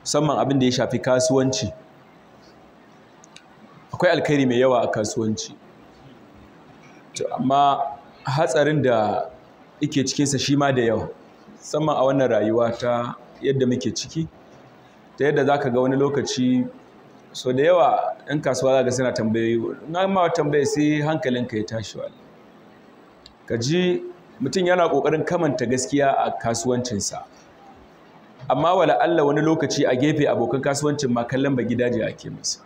musamman abin da ya shafi kasuwanci akwai alkhairi mai yawa a kasuwanci amma hatsarin da ike cikinsa shi ma da yawa musamman a wannan rayuwa ta yadda muke ciki ta yadda za ka ga wani lokaci so da yawa yan kasuwa za ga suna tambayoyi in ma tambaya sai hankalin ka ya tashi wani ka ji mutum yana ƙoƙarin kamanta gaskiya a kasuwancinsa amma wala Allah wani lokaci a gefe abokan kasuwancin ma kallon ba gidaje ake musu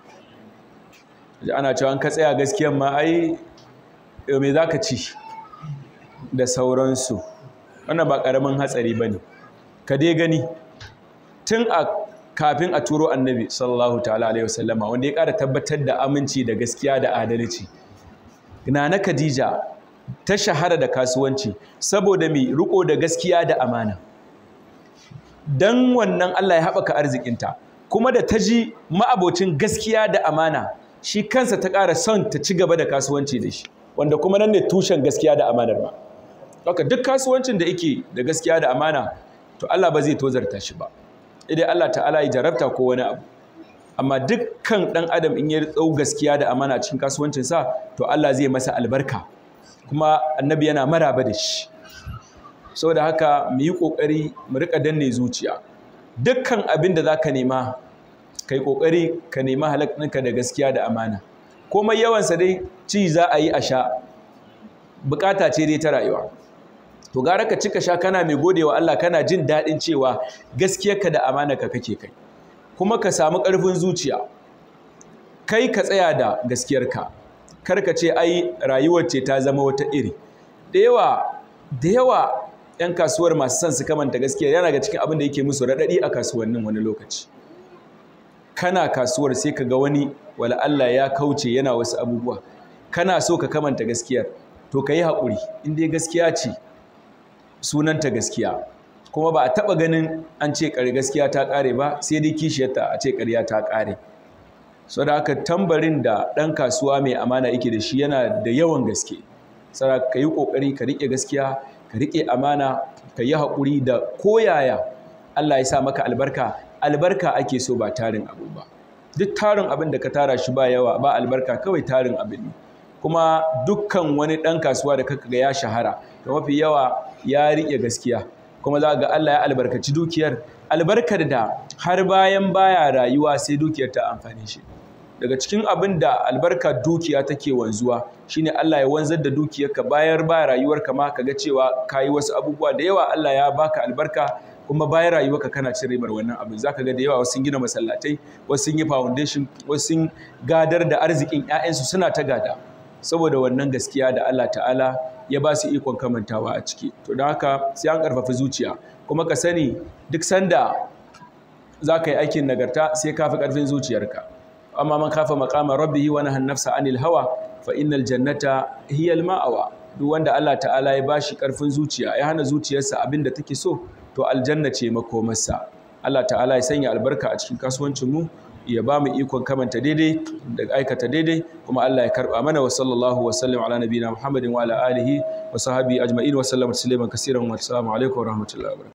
ana cewa ka tsaya gaskiya ma ai eh, me za ka ci da sauransu wannan ba ƙaramin hatsari ba ne ka dai gani tun a kafin a turo annabi sallallahu ta'ala alaihi wasallama wanda ya ƙara tabbatar da aminci da gaskiya da adalci na khadija ta shahara da kasuwanci saboda mai riko da gaskiya da amana dan wannan Allah ya haɓaka arzikinta kuma da ta ji ma'abocin gaskiya da amana shi kansa ta ƙara son ta ci gaba da kasuwanci da shi wanda kuma nan ne tushen gaskiya da amanar ba haka duk kasuwancin da yake da gaskiya da amana to Allah ba zai tozarta shi ba idan Allah ta'ala ya jarabta ko wani abu amma dukkan ɗan adam in ya tsau gaskiya da amana cikin kasuwancinsa to Allah zai masa albarka kuma annabi yana maraba da shi saboda haka mu yi ƙoƙari mu riƙa danne zuciya dukkan abin da za ka nema ka yi ƙoƙari ka nema halakka da gaskiya da amana komai yawansa dai ci za a yi a sha bukata ce dai ta rayuwa to gara ka cika sha kana mai godewa Allah kana jin daɗin cewa gaskiyarka da amana ka kake kai kuma ka samu ƙarfin zuciya kai ka tsaya da gaskiyarka kar ka ce ai rayuwar ce ta zama wata iri da yawa da yawa 'yan kasuwar masu son su kamanta gaskiya yana ga cikin abin da yake musu raɗaɗi a kasuwannin wani lokaci kana kasuwar sai ka ga wani wala Allah ya kauce yana wasu abubuwa kana so ka kamanta gaskiyar to ka yi haƙuri in dai gaskiya ce sunanta gaskiya kuma ba a taɓa ganin an ce ƙari gaskiya ta ƙare ba sai dai kishiyarta a ce ƙarya ta ƙare saboda aka tambarin da ɗan kasuwa mai amana yake da shi yana da yawan gaske saboda ka yi ƙoƙari ka riƙe gaskiya ka riƙe amana ka yi haƙuri da koyaya Allah ya sa maka albarka albarka ake so ba tarin abu ba duk tarin abin da ka tara shi ba yawa ba albarka kawai tarin abin ne kuma dukkan wani ɗan kasuwa da ga ya shahara da mafi yawa ya riƙe gaskiya kuma za ga Allah ya albarkaci dukiyar albarkar da har bayan baya rayuwa sai dukiyar ta amfani shi daga cikin abin da albarka dukiya take wanzuwa shine Allah ya wanzar da dukiyarka bayar ba rayuwarka ma ka ga cewa kayi wasu abubuwa da yawa Allah ya baka albarka kuma bayan rayuwarka kana cin ribar wannan abin zaka ga da yawa wasu gina masallatai wasu sun yi foundation wasu sun gadar da arzikin ƴaƴansu suna ta gada saboda wannan gaskiya da Allah ta'ala ya ba su ikon kamantawa a ciki to don haka sai an karfafi zuciya kuma ka sani duk sanda za ka yi aikin nagarta sai ka fi ƙarfin zuciyarka amma man kafa maqama rabbihi wa nahana nafsa anil hawa fa innal jannata hiya ma'awa duk wanda Allah ta'ala ya bashi karfin zuciya ya hana zuciyarsa abinda take so to aljanna ce makomarsa Allah ta'ala ya sanya albarka a cikin kasuwancin mu ya ba mu ikon kamanta daidai da aikata daidai kuma Allah ya karba mana wa sallallahu wa sallam ala nabiyina Muhammadin wa ala alihi wa sahbihi ajma'in wa sallam tasliman kaseeran wa assalamu alaikum wa rahmatullahi wa